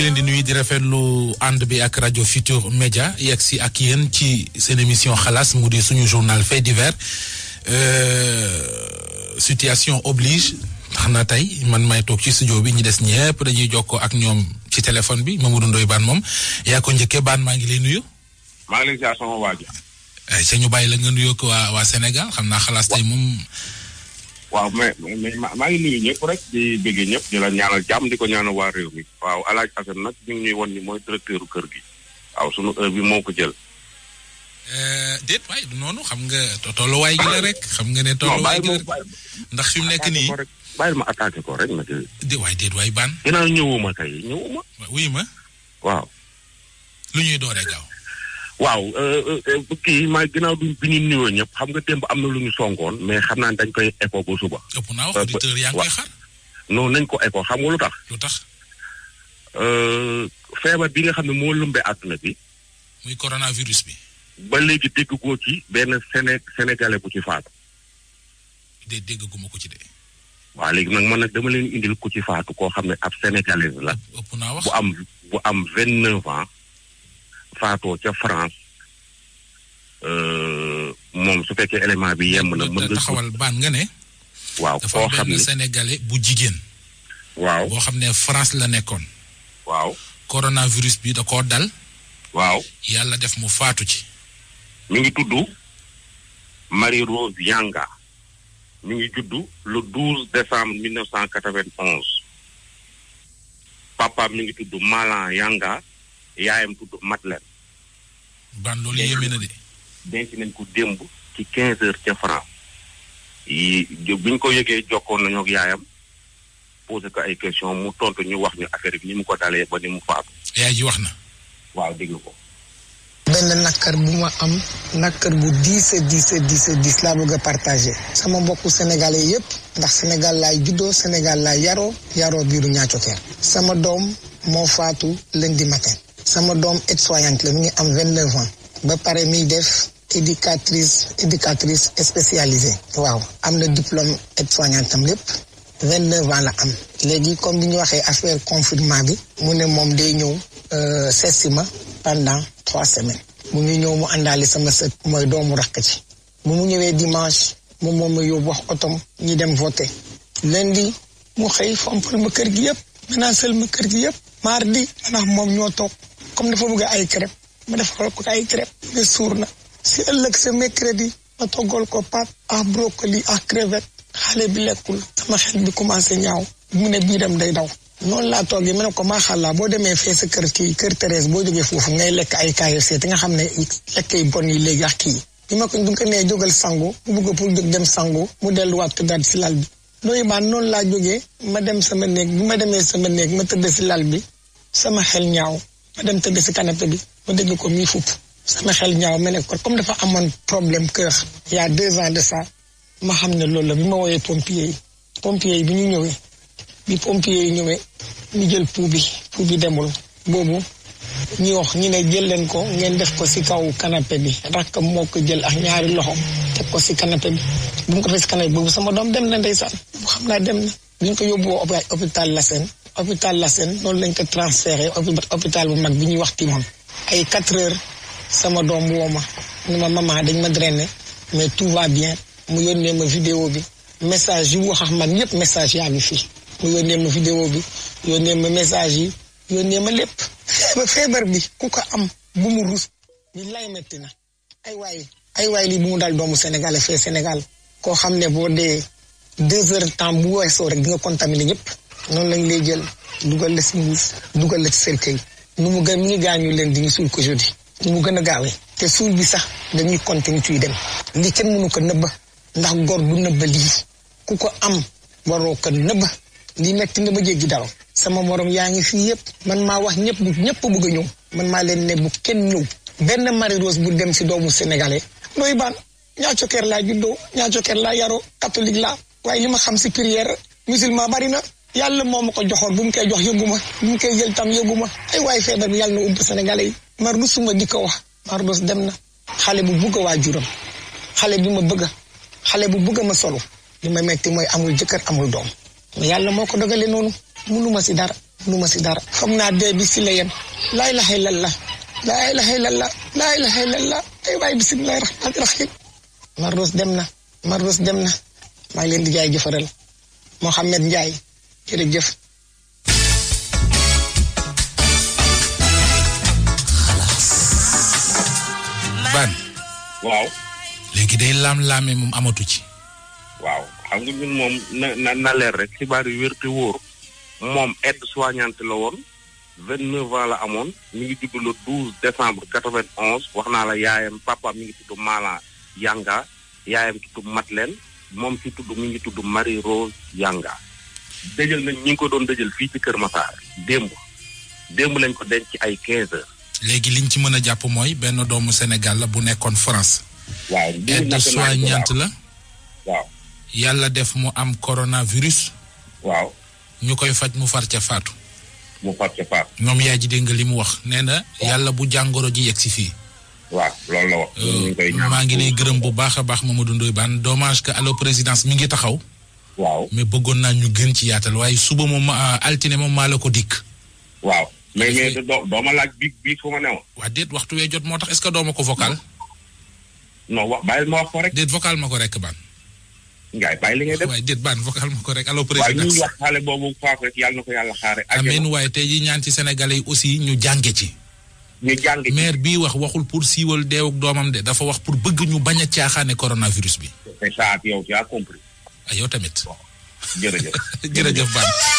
ngi leen di nuyu di rafetlu ànd bi ak rajo Futur Média yegg si ak yéen ci seen émission xalaas mu di suñu journal fait divers euh, situation oblige xam na tey man may toog ci studio bi ñu des ñëpp dañuy jokkoo ak ñoom ci téléphone bi Mamadou Ndoye Bane moom yaa ko njëkkee Bane maa ngi lay nuyu. maa ngi lay ziar sama waa ji. ay la nga nuyoo ko xam naa xalaas tey moom. waaw mais mais maa ngi nuyu ñëpp rek di bëggee ñëpp di la ñaanal jàmm di ko waa réew mi waaw El Hadj Assane nag ñu ngi ñuy won ni mooy directeur kër gi waaw sunu heure bi moo ko jël. Euh, déet waay noonu xam nga tolluwaay gi la rek. xam nga ne tolluwaay gi la rek ndax fi mu nekk nii. bàyyil ma attaqué ko rek ma déglu. di waay déet waay baan. ginnaaw ñëwuma tey ñëwuma. wuy ma. waaw. lu ñuy dooree gaaw. waaw euh, euh, euh, kii ma ginnaaw bi bi ñu nuyoo ñëpp xam nga démb am na lu ñu songoon mais xam naa dañ koy écho ba suba. ëpp naa wax auditeur yaa ngi koy xaar. non nañ ko écho xam nga lu tax. lu tax. feebar bi nga xam ne moo lëmbee àdduna bi. muy coronavirus bi. ba léegi dégg goo ci benn Séné sénégalais bu ci faatu. de dégg gu ma ko ci de. waaw léegi nag man nag dama leen indil ko ci faatu koo xam ne ab sénégalais la. ëpp naa wax bu am bu am vingt neuf ans. faatoo ca France euh, moom su fekkee élément bi yem na. mën nga taxawal baan nga ne. waaw koo xam ne bu jigéen. waaw boo xam ne France la nekkoon. waaw coronavirus bi da koo dal. waaw yàlla def mu faatu ci. mi ngi tudd Marie Rose Yanga mi ngi juddu lu 12 décembre 1991 papa mi ngi tudd Malan Yanga yaayam tudd Madeleine ban loolu yéeme na de. denc nañ ko démb ci quinze heures ca France. yi ko yëgee jokkoon nañu ak yaayam posé ko ay question mu tontu ñu wax ñu affaire bi ni mu ko dalee ba ni mu faatu. yaay ji wax na. waaw déglu ko. benn nakkar bu ma am nakkar bu diis a diis a diis laa bëgg a partagé sama mbokku sénégalais yépp ndax sénégal laay juddoo sénégal laay yaroo yaroo biiru ñaacokeer sama doom moo faatu lundi matin sama doom aide la mi ngi am vingt neuf ba pare miy def éducatrice éducatrice spécialisée waaw am na diplôme aide-soignante am lépp vingt neuf la am léegi comme bi ñu waxee affaire confinement bi mu ne moom day ñëw euh, seetsi ma pendant trois semaines mu ngi ñëw mu àndaale sama sët mooy doomu rakk ci bu mu ñëwee dimanche moom moom ma yóbbu wax otom ñi dem voté lundi mu xëy fompal ma kër gi yëpp menacel ma kër gi yëpp mardi man ah, moom ñoo toog comme dafa bëgg ay crêpes ma defal ko ay crêpes nga suur na si ëllëg sa mercredi ma toggal ko pâtes ak brocoli ak crevette xale bi lekkul sama xel bi commencé ñaaw mu ne bii dem day daw noonu laa toogee mu ne ko maaxàllaa boo demee fee sa kër kii kër Thérèse boo jógee foofu ngay lekk ay KFC te nga xam ne lekk yi bon yi léegi ak kii bi ma ko du ko nee jógal sangu mu bëgg pour jóg dem sangu mu delluwaat tëddaat si lal bi loolu baan noonu laa jógee ma dem sama néeg bi ma demee sama néeg ma tëdd si lal bi sama xel ñaaw ma dem tëdd si canapé bi ma dégg ko muy fupp sama xel ñaaw ma ne ko comme dafa amoon problème kër y a deux ans de ça ma xam ne loolu la bi ma wooyee pompier yi pompier yi bi ñu ñëwee bi pompier yi ñëwee ñu jël pou bi pou bi demul boobu ñu wax ñi ne jël leen ko ngeen def ko si kaw canapé bi rakk moo ko jël ak ñaari loxo teg ko si canapé bi bu mu ko fee si canapé boobu sama doom dem na ndeysaan bu xam naa dem na bi ñu ko yóbbu hôpital la seen hôpital Lassène noonu lañ ko transféré hôpital bu mag bi ñuy wax Timon ay quatre heures sama doom woo ma ne ma maman dañ ma drainé mais tout va bien mu yónnee ma vidéo bi message yi wax ak man yëpp message yaa ngi fi mu yónnee ma vidéo bi yónnee ma message yi yónnee ma lépp ba feebar bi ku ko am bu mu rus bi lay metti na ay waaye ay waay lii bu mu dal doomu Sénégal fee Sénégal koo xam ne boo dee deux heures temps bu weesoo rek di nga contaminé ñëpp noonu lañ lay jël dugal la si mbuus dugal la ci seen nu mu gën ñu gaañu leen di ñu suul ko jeudi mu gën a gaawee te suul bi sax dañuy continuer tuy dem li kenn mënu ko nëbba ndax góor du nëbba lii ku ko am waroo ko nëbba lii metti na ba jéggi dara sama morom yaa ngi fii yëpp man maa wax ñëpp ñëpp bëgg a ñëw man maa leen ne bu kenn ñëw benn Marie Rose bu dem si doomu sénégalais doy baan ñaa cokkeer laa juddoo ñaa cokkeer laa yaroo catholique laa waaye li ma xam si prière musulman bari na yàlla moo ma ko joxoon bu mu koy jox yëgu ma bu mu koy jël tam yëgu ma ay waaye feebar bi yàlla na ump Sénégalais yi. mar rusuma di wax. mar dem na. xale bu bugg waajuram xale bi ma bëgg xale bu bugg ma solo li ma metti mooy amul jëkkër amul doom mais moo ko dogalee noonu munuma si dara munuma si dara xam naa dee bi si la yem laa ilaha illallah laa ilaha illallah laa ilaha illallah ay waay dem na Marros dem na maa ngi leen di jaay jëfaral Mohamed Ndiaye jërëjëf. ban. waaw. léegi day laam-laame moom amatu ci. waaw xam nga ñun moom na leer rek xibaar yu wér te wóor moom aide soignante la woon vingt neuf la amoon mu ngi judd le douze décembre quatre vingt onze wax naa la yaayam papa mi ngi tudd Maala Yanga yaayam tudd Madeleine moom ci tudd mi ngi tudd Marie Rose Yanga. dëjël nañ ñu ngi ko doon dëjël fii ci Kër Massar démb démb lañ ko denc ay 15 léegi liñ ci mën a jàpp mooy benn doomu Sénégal la bu nekkoon France. waaw aide soignante la. waaw. yàlla def mu am coronavirus. waaw. ñu koy faj mu far ca faatu. mu yaay ji dégg li mu wax nee na. yàlla bu jàngoro ji yegg si fii. waaw loolu euh, maa ngi lay gërëm bu baax a baax Mamadou Ndoye Bane dommage que allo présidence mi ngi taxaw. waaw mais bëggoon naa ñu gën ci yaatal waaye suba moom euh, altine moom maa la ko dikk. waaw mais mais ma laaj bi bi fu ma newoon. waxtu wee jot moo tax est-ce que doo ko vocal. non wax bàyyil ma wax ko rek. déet vocal ma ko rek baan. ngaay bàyyi li ngay def waaye déet baan vocal ma ko rek allo président. waaye ñuy na ko yàlla xaare. amiin waaye tey jii ñaan ci sénégalais yi aussi ñu jànge ci. ñu maire bi wax waxul pour siiwal deewuk doomam de dafa wax pour bëgg ñu bañ a caaxaane coronavirus bi. c'est yow tu yow tamit. jërëjëf jërëjëf Ban.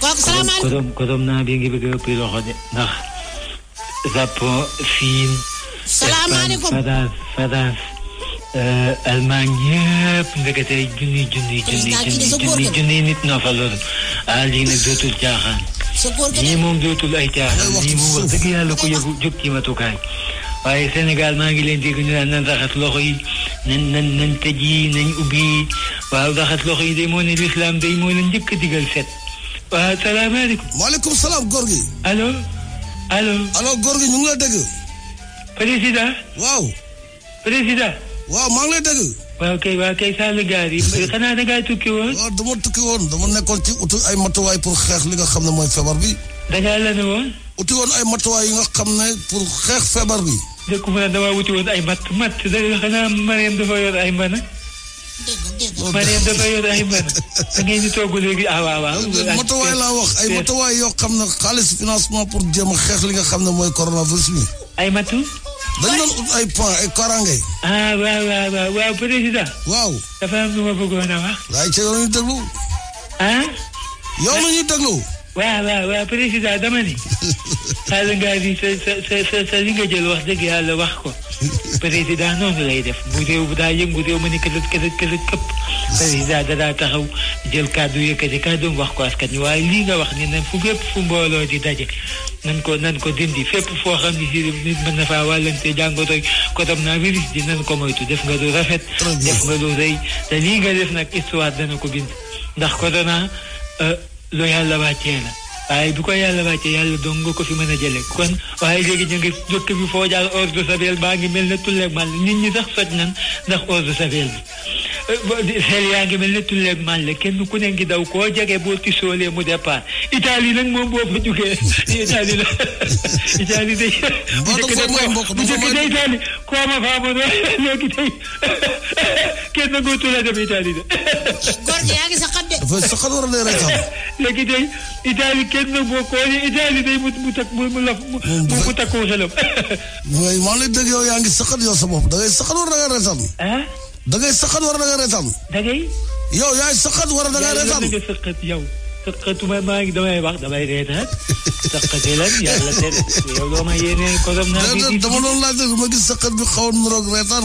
kooku salaamaaleykum korom korom naa bi ngi bëgg a ëpp loxo de ndax Japon Siin. salaamaaleykum Espagne France France euh, Allemagne yëpp ndekete junni junni junni junni junni nit ñoo fa loolu ah lii nag dootul caaxaan. lii moom dootul ay caaxaan lii moom wax dëgg yàlla ko yóbbu jóg ci matukaay. waaye Sénégal maa ngi leen dégg ñu naan nan raxas loxo yi nan nan nan tëj yi nañ ubbi waaw raxas loxo yi day moo ne lislaam day moo ne njëkk a digal set. waaw salaamaaleykum. maaleykum salaam góor gi. allo. allo. allo góor gi ñu ngi la dégg. président. waaw. président. waaw maa ngi lay dégg. waaw kay waaw kay Sall gaar yi xanaa da ngaa tukki woon. waaw dama tukki woon dama nekkoon ci utu ay matuwaay pour xeex li nga xam ne mooy feebar bi. da ngaa lan woon. uti woon ay matuwaay yi nga xam ne pour xeex feebar bi. dëkk mu ne damaa wuti woon ay matt matt da xanaa Mariam dafa yor ay mën maneen dafa yor ay mën da ah, wax ay motuwaay yoo xam ne xaalis financement pour jéem a xeex li nga xam ne mooy coronavirus bi ay matu ba doon ay point ay karange ah waaw waaw waaw président waaw dafa am lu ma bëggoon a wax waaye ci yow la ñuy déglu ah? yow la ñuy déglu waaw waaw waaw président dama ni Sall ngaa bi sa sa sa sa li nga jël wax dëgg yàlla wax ko président noonu lay def bu réew bu daa yëngu réew ma ni këlët këlët këlët këpp président da daa taxaw jël kàddu yëkkati kàddoom wax ko askan wi waaye lii nga wax ni nan fu fépp fu mbooloo di daje nan ko nan ko dindi fépp foo xam ne si nit mën na faa wàllante jàngoro ko tam naa virus di nan ko moytu def nga lu rafet def nga lu rëy te lii nga def nag histoire dana ko bind ndax corona euh, loyal la waaye bi ko yàlla wàcce yàlla dong nga ko fi mën a jële kon waaye léegi ñu ngi dëkk bi foo jàll eau de javel baa ngi mel ne tulleeg màll nit ñi sax soj nan ndax eau de javel bi euh, xel yaa ngi mel ne tulleeg màll kenn ku ne ngi daw koo jege boo tisoolee mu départ Italie nag moom boo fa jugee Italie la Italie day bu jëkk day bu jëkk day Italie koo ma faa moon léegi day kenn gootu la dem Italie de góor gi yaa ngi saxat de dafa a leer a kenn boo ko wane Italie day mu mu tak mu mu laf mu eh, mu takkoo xelam. waaye maa ngi dégg yow yaa ngi saxat yow sa bopp da ngay saxat war na nga reetaan. da ngay saxat war na nga reetaan. da ngay. yow yaay saxat war na nga reetaan. yaa ngi saxat yow. saxatuma maa ngi damay wax damay reetaan. saxate lan yàlla teel yow doo ma yéeneen ko dama doon laaj ma gis saxat bi xawoon mu roog reetaan